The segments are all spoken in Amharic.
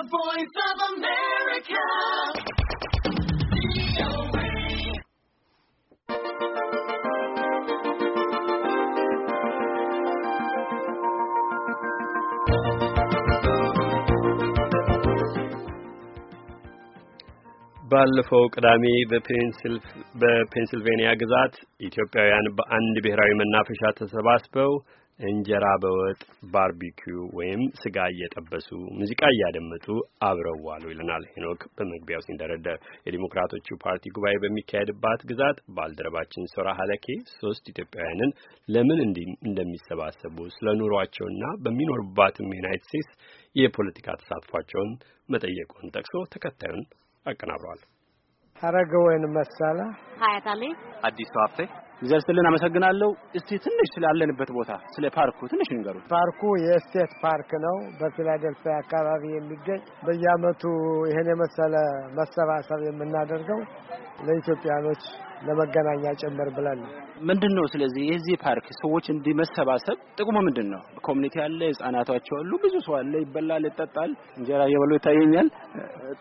The voice of America. ባለፈው ቅዳሜ በፔንሲልቬንያ ግዛት ኢትዮጵያውያን በአንድ ብሔራዊ መናፈሻ ተሰባስበው እንጀራ በወጥ ባርቢኪው ወይም ስጋ እየጠበሱ ሙዚቃ እያደመጡ አብረው ዋሉ ይለናል ሄኖክ በመግቢያው ሲንደረደር። የዲሞክራቶቹ ፓርቲ ጉባኤ በሚካሄድባት ግዛት ባልደረባችን ሶራ ሀለኬ ሶስት ኢትዮጵያውያንን ለምን እንደሚሰባሰቡ ስለ ኑሯቸውና በሚኖሩባትም ዩናይት ስቴትስ የፖለቲካ ተሳትፏቸውን መጠየቁን ጠቅሶ ተከታዩን አቀናብሯል። አረገ ወይን መሳላ ሀያት አዲሱ ሀብቴ ዘርስልን አመሰግናለሁ። እስቲ ትንሽ ስላለንበት ቦታ ስለ ፓርኩ ትንሽ እንገሩ። ፓርኩ የስቴት ፓርክ ነው፣ በፊላደልፊያ አካባቢ የሚገኝ በየአመቱ ይህን የመሰለ መሰባሰብ የምናደርገው ለኢትዮጵያኖች ለመገናኛ ጭምር ብለን ነው። ምንድን ነው ስለዚህ የዚህ ፓርክ ሰዎች እንዲመሰባሰብ ጥቅሙ ምንድን ነው? ኮሚኒቲ አለ፣ ህጻናቶች አሉ፣ ብዙ ሰው አለ፣ ይበላል፣ ይጠጣል፣ እንጀራ እየበሉ ይታየኛል።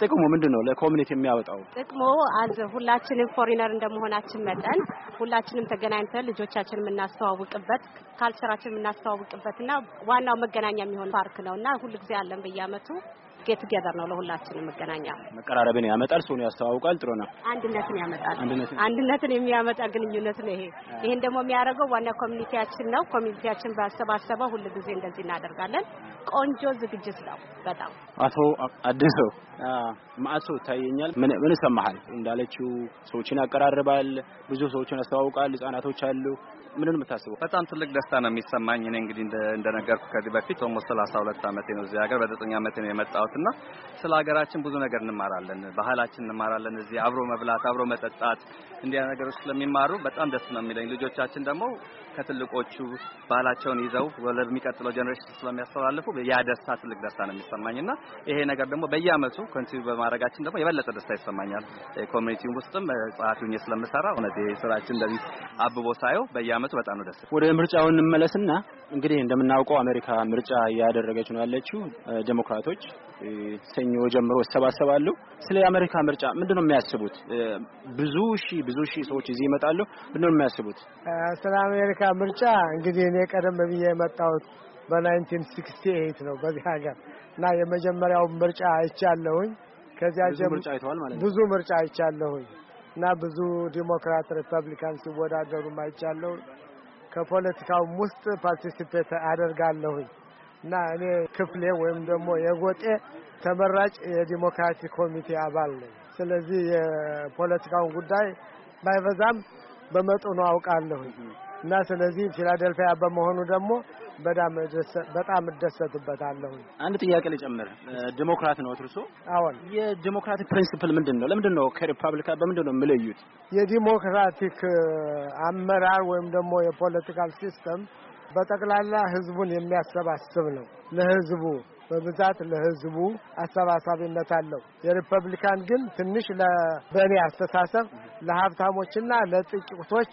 ጥቅሙ ምንድን ነው? ለኮሚኒቲ የሚያወጣው ጥቅሙ አዝ ሁላችንም ፎሪነር እንደመሆናችን መጠን ሁላችንም ተገናኝተን ልጆቻችን የምናስተዋውቅበት ካልቸራችን የምናስተዋውቅበትና ዋናው መገናኛ የሚሆን ፓርክ ነውና ጊዜ አለን በየአመቱ ጌት ቱጌዘር ነው ለሁላችን መገናኛ መቀራረብን ያመጣል፣ ሰውን ያስተዋውቃል። ጥሩ ነው። አንድነትን ያመጣል። አንድነትን የሚያመጣ ግንኙነት ነው ይሄ። ይሄን ደግሞ የሚያደርገው ዋና ኮሚኒቲያችን ነው። ኮሚኒቲያችን ባሰባሰበው ጊዜ እንደዚህ እናደርጋለን። ቆንጆ ዝግጅት ነው። በጣም አቶ አድሶ ማአሶ ታየኛል። ምን ምን ሰማሃል? እንዳለችው ሰዎችን ያቀራርባል፣ ብዙ ሰዎችን ያስተዋውቃል፣ ህጻናቶች አሉ። ምንን የምታስበው? በጣም ትልቅ ደስታ ነው የሚሰማኝ። እኔ እንግዲህ እንደነገርኩ ከዚህ በፊት ኦልሞስት 32 ዓመቴ ነው እዚህ ሀገር በዘጠኝ ዓመቴ ነው የመጣሁትና ስለ ሀገራችን ብዙ ነገር እንማራለን፣ ባህላችን እንማራለን። እዚህ አብሮ መብላት፣ አብሮ መጠጣት እንዲያ ነገሮች ስለሚማሩ በጣም ደስ ነው የሚለኝ። ልጆቻችን ደግሞ ከትልቆቹ ባህላቸውን ይዘው ለሚቀጥለው ጀኔሬሽን ስለሚያስተላልፉ ያ ደስታ ትልቅ ደስታ ነው የሚሰማኝና ይሄ ነገር ደግሞ በየአመቱ ኮንቲኒው በማድረጋችን ደግሞ የበለጠ ደስታ ይሰማኛል። ኮሚኒቲው ውስጥም ጸሐፊ ሆኜ ስለምሰራ እውነት ስራችን እንደዚህ አብቦ ሳየው በየአመቱ በጣም ነው ደስ ወደ ምርጫው እንመለስና እንግዲህ እንደምናውቀው አሜሪካ ምርጫ እያደረገች ነው ያለችው። ዴሞክራቶች ሰኞ ጀምሮ ይሰባሰባሉ። ስለ አሜሪካ ምርጫ ምንድነው የሚያስቡት? ብዙ ሺ ብዙ ሺ ሰዎች እዚህ ይመጣሉ። ምንድነው የሚያስቡት ስለ አሜሪካ ምርጫ? እንግዲህ እኔ ቀደም ብዬ የመጣሁት በ1968 ነው በዚህ ሀገር እና የመጀመሪያው ምርጫ አይቻለሁኝ። ከዚያ ብዙ ምርጫ አይቻለሁኝ እና ብዙ ዲሞክራት፣ ሪፐብሊካን ሲወዳደሩ አይቻለሁ። ከፖለቲካውም ውስጥ ፓርቲሲፔት አደርጋለሁኝ እና እኔ ክፍሌ ወይም ደግሞ የጎጤ ተመራጭ የዲሞክራቲክ ኮሚቴ አባል ነኝ። ስለዚህ የፖለቲካውን ጉዳይ ባይበዛም በመጠኑ አውቃለሁኝ እና ስለዚህ ፊላደልፊያ በመሆኑ ደግሞ በጣም እደሰትበታለሁ። አንድ ጥያቄ ልጨምር። ዲሞክራት ነው እርሶ? አዎን። የዲሞክራቲክ ፕሪንሲፕል ምንድን ነው? ለምንድን ነው ከሪፐብሊካ በምንድን ነው የምለዩት? የዲሞክራቲክ አመራር ወይም ደግሞ የፖለቲካል ሲስተም በጠቅላላ ህዝቡን የሚያሰባስብ ነው። ለህዝቡ በብዛት ለህዝቡ አሰባሳቢነት አለው። የሪፐብሊካን ግን ትንሽ በእኔ አስተሳሰብ ለሀብታሞችና ለጥቂቶች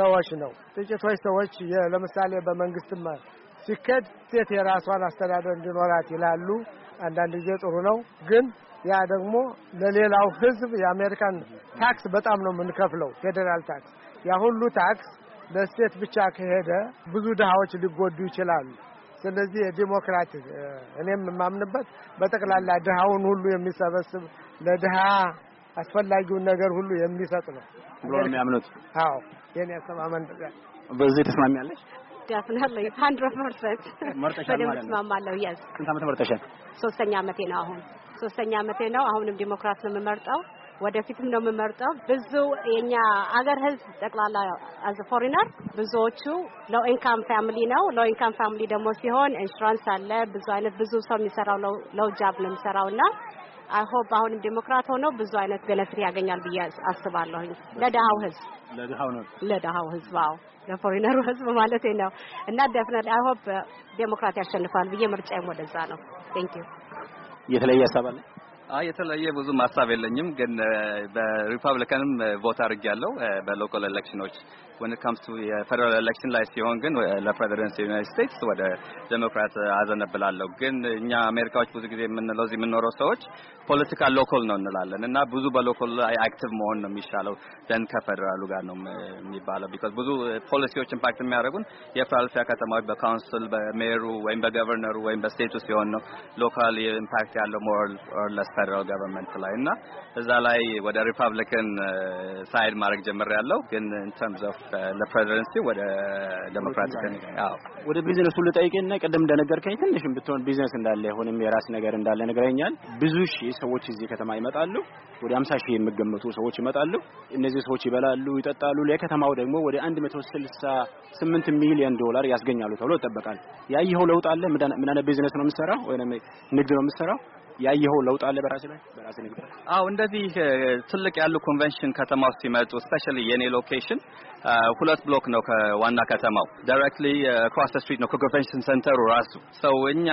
ሰዎች ነው። ጥቂቶች ሰዎች ለምሳሌ በመንግስት ሲከድ ሴት የራሷን አስተዳደር እንዲኖራት ይላሉ። አንዳንድ ጊዜ ጥሩ ነው፣ ግን ያ ደግሞ ለሌላው ህዝብ የአሜሪካን ታክስ በጣም ነው የምንከፍለው፣ ፌዴራል ታክስ። ያ ሁሉ ታክስ ለስቴት ብቻ ከሄደ ብዙ ድሃዎች ሊጎዱ ይችላሉ። ስለዚህ የዲሞክራቲክ እኔም የማምንበት በጠቅላላ ድሃውን ሁሉ የሚሰበስብ ለድሃ አስፈላጊውን ነገር ሁሉ የሚሰጥ ነው ብሎ ነው የሚያምኑት። አዎ የኔ አስተማመን በዚህ ተስማሚያለች። ዳፍናለሁ 100% መርጠሻል ማለት ነው። ያዝ ስንት መርጠሻል? ሶስተኛ ነው አሁን ሶስተኛ ነው። አሁንም ዲሞክራት ነው የምመርጠው፣ ወደፊትም ነው የምመርጠው። ብዙ የኛ አገር ህዝብ ጠቅላላ አዝ ፎሪነር ብዙዎቹ ሎ ኢንካም ፋሚሊ ነው። ሎ ኢንካም ፋሚሊ ደግሞ ሲሆን ኢንሹራንስ አለ ብዙ አይነት ብዙ ሰው የሚሰራው ሎ ጃብ ነው የሚሰራውና አይሆፕ አሁንም ዴሞክራት ሆነው ብዙ አይነት ቤነፊት ያገኛል ብዬ አስባለሁኝ። ለድሃው ህዝብ ለድሃው ነው ለድሃው ህዝብ አዎ ለፎሪነሩ ህዝብ ማለት ነው። እና ዴፍነት አይሆፕ ዴሞክራት ያሸንፋል ብዬ ምርጫዬም ወደዛ ነው። ቴንክ ዩ የተለየ ሀሳብ አለ የተለየ ብዙ ማሳብ የለኝም፣ ግን በሪፐብሊካንም ቮት አድርጌያለሁ በሎካል ኤሌክሽኖች ወን it ቱ የፌደራል ኤሌክሽን ላይ ሲሆን ግን ለፕሬዚደንት ዩናይትድ ስቴትስ ወደ ዴሞክራት አዘነብላለሁ። ግን እኛ አሜሪካዎች ብዙ ጊዜ የምንለው እዚህ የምንኖረው ሰዎች ፖለቲካ ሎካል ነው እንላለን እና ብዙ በሎካል ላይ አክቲቭ መሆን ነው የሚሻለው ዘንድ ከፌደራሉ ጋር ነው የሚባለው። ቢካዝ ብዙ ፖሊሲዎች ኢምፓክት የሚያደርጉን የፊላደልፊያ ከተማዎች በካውንስል በሜሩ ወይም በገቨርነሩ ወይም በስቴቱ ሲሆን ነው። ሎካል ኢምፓክት ያለው ሞር ኦር ለስ ፌደራል ገቨርንመንት ላይ እና እዛ ላይ ወደ ሪፐብሊካን ሳይድ uh, ማድረግ ጀምር ያለው ግን ኢን ተርምስ ኦፍ ለፕሬዚደንሲ ወደ ዴሞክራቲክ አዎ ወደ ቢዝነስ ሁሉ ቅድም እንደነገርከኝ ትንሽም ብትሆን ቢዝነስ እንዳለ ይሁንም የራስ ነገር እንዳለ ነግረኛል። ብዙ ሺህ ሰዎች እዚህ ከተማ ይመጣሉ። ወደ 50 ሺህ የሚገመቱ ሰዎች ይመጣሉ። እነዚህ ሰዎች ይበላሉ፣ ይጠጣሉ። ለከተማው ደግሞ ወደ 168 ሚሊዮን ዶላር ያስገኛሉ ተብሎ ይጠበቃል። ያየኸው ለውጥ አለ? ምን አይነት ቢዝነስ ነው የምትሰራው? ወይንም ንግድ ነው የምትሰራው? ያየኸው ለውጥ አለ በራሴ ላይ በራሴ ንግድ ላይ አዎ፣ እንደዚህ ትልቅ ያሉ ኮንቬንሽን ከተማ ውስጥ ሲመጡ ስፔሻሊ የኔ ሎኬሽን ሁለት ብሎክ ነው ከዋና ከተማው ዳይሬክትሊ ክሮስ ስትሪት ነው ከኮንቨንሽን ሴንተሩ ራሱ። ሰው እኛ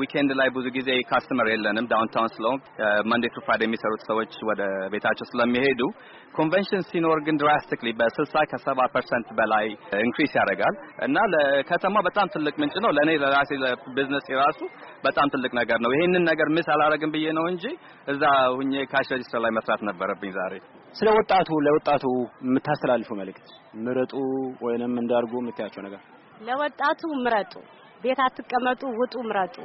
ዊኬንድ ላይ ብዙ ጊዜ ካስተመር የለንም ዳውንታውን ስለሆን መንዴ ቱ ፍራይዴ የሚሰሩት ሰዎች ወደ ቤታቸው ስለሚሄዱ ኮንቬንሽን ሲኖር ግን ድራስቲክሊ በ60 ከ70% በላይ ኢንክሪስ ያደርጋል እና ለከተማ በጣም ትልቅ ምንጭ ነው። ለኔ ለራሴ ለቢዝነስ የራሱ በጣም ትልቅ ነገር ነው። ይሄንን ነገር ምስ አላረግም ብዬ ነው እንጂ እንጂ እዛ ሁኜ ካሸጅ ላይ መስራት ነበረብኝ። ዛሬ ስለ ወጣቱ ለወጣቱ የምታስተላልፈው መልእክት ምረጡ ወይንም እንዳርጉ የምታያቸው ነገር ለወጣቱ ምረጡ፣ ቤት አትቀመጡ፣ ውጡ፣ ምረጡ።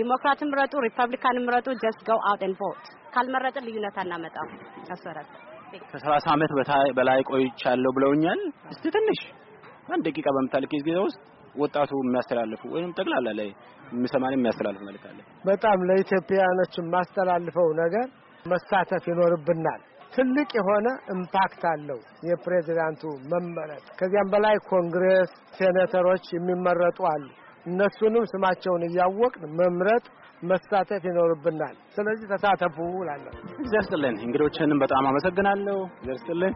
ዲሞክራት ምረጡ፣ ሪፐብሊካን ምረጡ። just go out and vote። ካልመረጥን ልዩነት አናመጣም። አሰረተ ከሰላሳ ዓመት በላይ ቆይቻለሁ ብለውኛል። እስቲ ትንሽ አንድ ደቂቃ በምታልቅ ጊዜ ውስጥ ወጣቱ የሚያስተላልፉ ወይም ጠቅላላ ላይ የሚሰማን የሚያስተላልፍ መልእክት አለ? በጣም ለኢትዮጵያውያኖች የማስተላልፈው ነገር መሳተፍ ይኖርብናል። ትልቅ የሆነ ኢምፓክት አለው የፕሬዚዳንቱ መመረጥ። ከዚያም በላይ ኮንግሬስ፣ ሴኔተሮች የሚመረጡ አሉ። እነሱንም ስማቸውን እያወቅን መምረጥ መሳተፍ ይኖርብናል። ስለዚህ ተሳተፉ እላለሁ። ዘርስጥልን እንግዶችንም በጣም አመሰግናለሁ። ዘርስጥልን